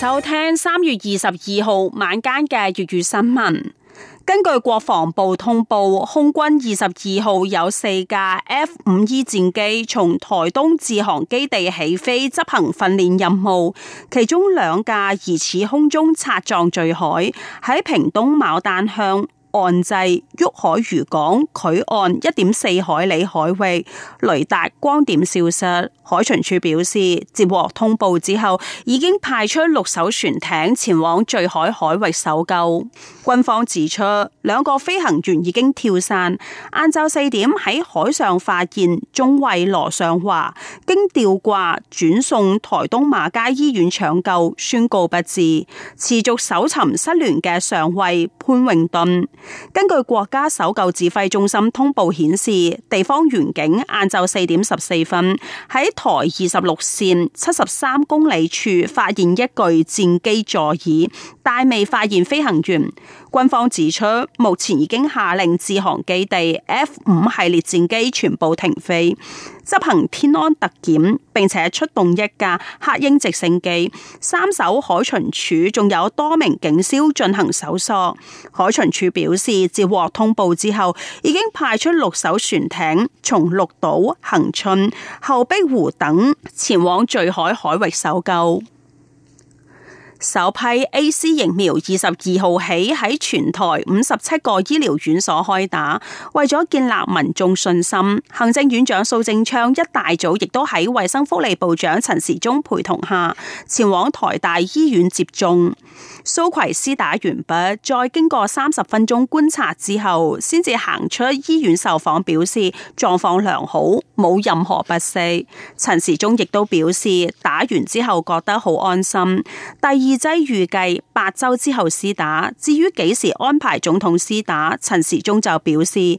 收聽三月二十二號晚間嘅粵語新聞。根據國防部通報，空軍二十二號有四架 F-5E 戰機從台東志航基地起飛執行訓練任務，其中兩架疑似空中擦撞墜海，喺屏東牡丹鄉。岸際、旭海漁港、距岸一點四海里海域，雷達、光點消失。海巡署表示，接獲通報之後，已經派出六艘船艇前往墜海海域搜救。軍方指出，兩個飛行員已經跳傘。晏晝四點喺海上發現中尉羅尚樺，經吊掛轉送台東馬偕醫院搶救，宣告不治。持續搜尋失聯嘅上尉潘榮頓。根據國家搜救指揮中心通報顯示，地方員警晏晝四點十四分喺台二十六綫七十三公里處發現一具戰機座椅，但未發現飛行員。軍方指出，目前已經下令志航基地 F 五系列戰機全部停飛。執行天安特檢，並且出動一架黑鷹直升機，三艘海巡署仲有多名警消進行搜索。海巡署表示，接獲通報之後，已經派出六艘船艇，從綠島、恒春、後壁湖等前往墜海海域搜救。首批 AZ 疫苗二十二號起喺全台五十七個醫療院所開打，為咗建立民眾信心，行政院長蘇貞昌一大早亦都喺衛生福利部長陳時中陪同下前往台大醫院接種。蘇揆施打完畢，再經過三十分鐘觀察之後，先至行出醫院受訪，表示狀況良好，冇任何不適。陳時中亦都表示，打完之後覺得好安心。第二劑預計八周之後施打，至於幾時安排總統施打，陳時中就表示希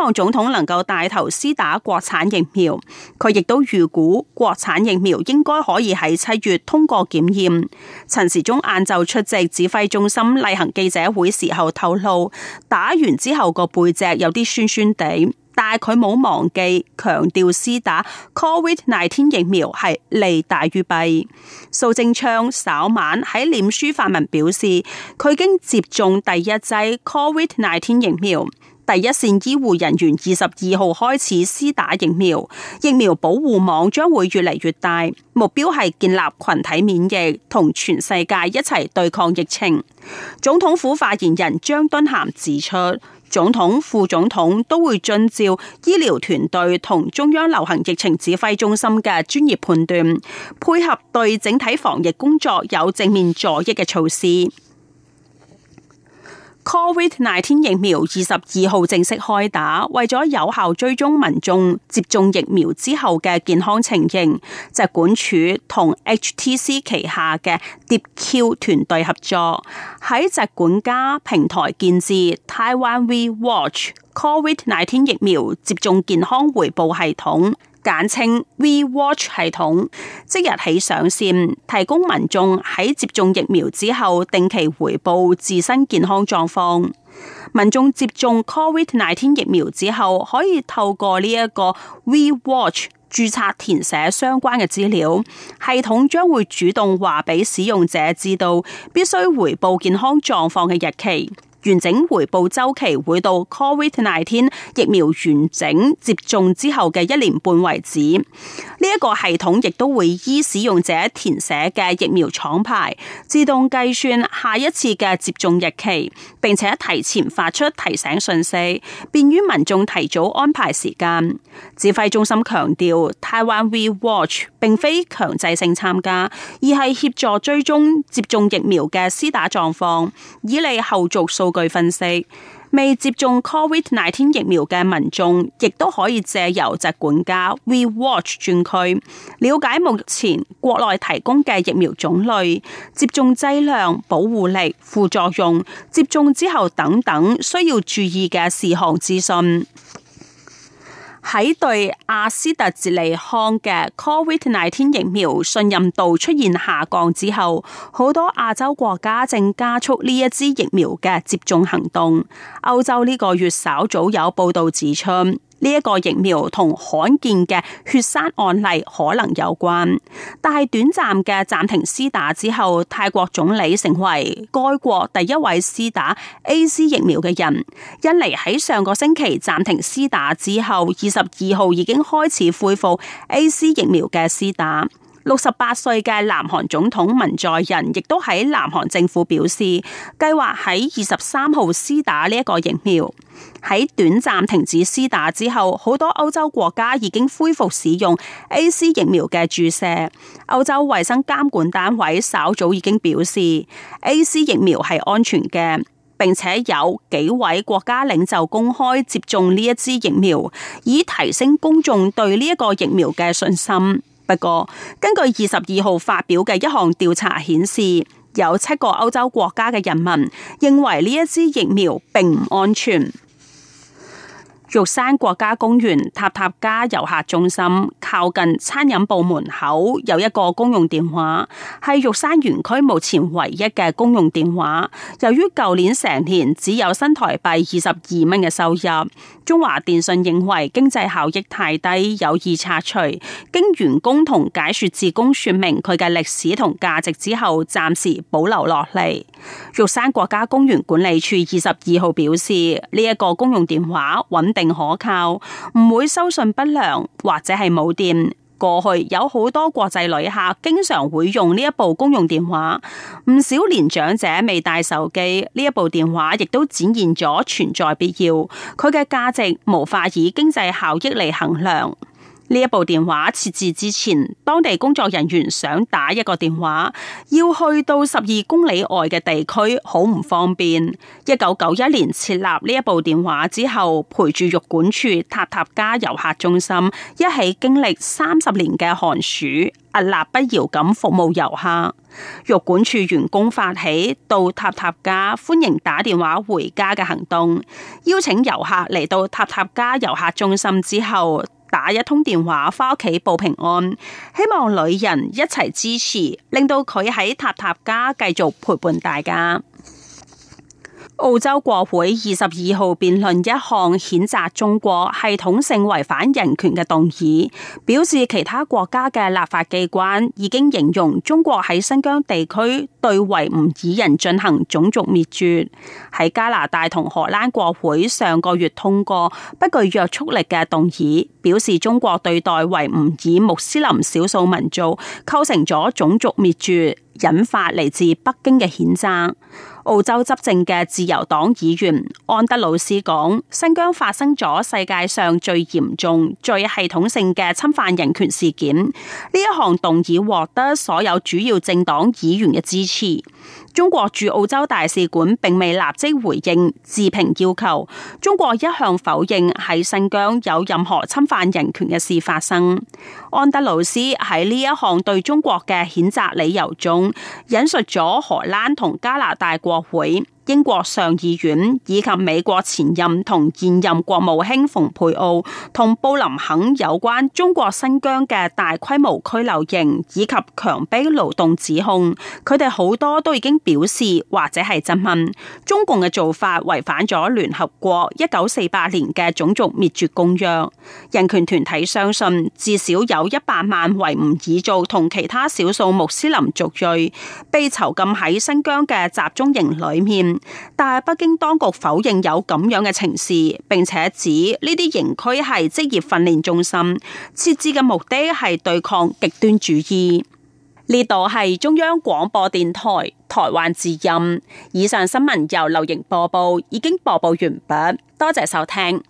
望總統能夠帶頭施打國產疫苗。佢亦都預估國產疫苗應該可以喺七月通過檢驗。陳時中晏晝出席。指揮中心例行記者會時候透露，打完之後個背脊有啲酸酸地，但係佢冇忘記強調施打 Covid 奈天疫苗係利大於弊。蘇正昌稍晚喺臉書發文表示，佢已經接種第一劑 Covid 奈天疫苗。第一線醫護人員二十二號開始施打疫苗，疫苗保護網將會越嚟越大，目標係建立群體免疫，同全世界一齊對抗疫情。總統府發言人張敦涵指出，總統、副總統都會遵照醫療團隊同中央流行疫情指揮中心嘅專業判斷，配合對整體防疫工作有正面助益嘅措施。Covid nineteen 疫苗二十二號正式開打，為咗有效追蹤民眾接種疫苗之後嘅健康情形，疾管署同 HTC 旗下嘅 DeepQ 團隊合作，喺疾管家平台建置 Taiwan V Watch Covid nineteen 疫苗接種健康回報系統。簡稱 V-Watch 系統即日起上線，提供民眾喺接種疫苗之後定期回報自身健康狀況。民眾接種 COVID-19 疫苗之後，可以透過呢一個 V-Watch 註冊填寫相關嘅資料，系統將會主動話俾使用者知道必須回報健康狀況嘅日期。完整回報週期會到 COVID-19 疫苗完整接種之後嘅一年半為止。呢、這、一個系統亦都會依使用者填寫嘅疫苗廠牌自動計算下一次嘅接種日期，並且提前發出提醒訊息，便於民眾提早安排時間。指揮中心強調，Taiwan V-Watch 並非強制性參加，而係協助追蹤接種疫苗嘅施打狀況，以利後續數。據分析，未接種 COVID-19 疫苗嘅民眾，亦都可以借由疾管家 V-Watch 專區，了解目前國內提供嘅疫苗種類、接種劑量、保護力、副作用、接種之後等等需要注意嘅事項資訊。喺對阿斯特捷利康嘅 COVID-19 疫苗信任度出現下降之後，好多亞洲國家正加速呢一支疫苗嘅接種行動。歐洲呢個月稍早有報道指出。呢一個疫苗同罕見嘅血栓案例可能有關，但係短暫嘅暫停施打之後，泰國總理成為該國第一位施打 AZ 疫苗嘅人。印尼喺上個星期暫停施打之後，二十二號已經開始恢復 AZ 疫苗嘅施打。六十八歲嘅南韓總統文在寅亦都喺南韓政府表示，計劃喺二十三號施打呢一個疫苗。喺短暫停止施打之後，好多歐洲國家已經恢復使用 AZ 疫苗嘅注射。歐洲衛生監管單位稍早已經表示，AZ 疫苗係安全嘅，並且有幾位國家領袖公開接種呢一支疫苗，以提升公眾對呢一個疫苗嘅信心。不過，根據二十二號發表嘅一項調查顯示，有七個歐洲國家嘅人民認為呢一支疫苗並唔安全。玉山國家公園塔塔加遊客中心靠近餐飲部門口有一個公用電話，係玉山園區目前唯一嘅公用電話。由於舊年成年只有新台幣二十二蚊嘅收入，中華電信認為經濟效益太低，有意拆除。經員工同解說志工說明佢嘅歷史同價值之後，暫時保留落嚟。玉山國家公園管理處二十二號表示，呢一個公用電話穩定可靠，唔會收信不良或者係冇電。過去有好多國際旅客經常會用呢一部公用電話，唔少年長者未帶手機，呢一部電話亦都展現咗存在必要。佢嘅價值無法以經濟效益嚟衡量。呢一部電話設置之前，當地工作人員想打一個電話，要去到十二公里外嘅地區，好唔方便。一九九一年設立呢一部電話之後，陪住玉管處塔塔加遊客中心，一起經歷三十年嘅寒暑，屹立不搖咁服務遊客。玉管處員工發起到塔塔加「歡迎打電話回家」嘅行動，邀請遊客嚟到塔塔加遊客中心之後。打一通電話返屋企報平安，希望女人一齊支持，令到佢喺塔塔加繼續陪伴大家。澳洲國會二十二號辯論一項譴責中國系統性違反人權嘅動議，表示其他國家嘅立法機關已經形容中國喺新疆地區對維吾爾人進行種族滅絕。喺加拿大同荷蘭國會上個月通過不具約束力嘅動議，表示中國對待維吾爾穆斯林少數民族構成咗種族滅絕，引發嚟自北京嘅譴責。澳洲執政嘅自由黨議員安德魯斯講：新疆發生咗世界上最嚴重、最系統性嘅侵犯人權事件，呢一項動議獲得所有主要政黨議員嘅支持。中國駐澳洲大使館並未立即回應置評要求。中國一向否認喺新疆有任何侵犯人權嘅事發生。安德魯斯喺呢一項對中國嘅譴責理由中，引述咗荷蘭同加拿大國會。英國上議院以及美國前任同現任國務卿蓬佩奧同布林肯有關中國新疆嘅大規模拘留營以及強迫勞動指控，佢哋好多都已經表示或者係質問中共嘅做法違反咗聯合國一九四八年嘅種族滅絕公約。人權團體相信至少有一百萬維吾爾族同其他少數穆斯林族裔被囚禁喺新疆嘅集中營裏面。但係北京當局否認有咁樣嘅情事，並且指呢啲營區係職業訓練中心，設置嘅目的係對抗極端主義。呢度係中央廣播電台台灣之音。以上新聞由劉瑩播報，已經播報完畢，多謝收聽。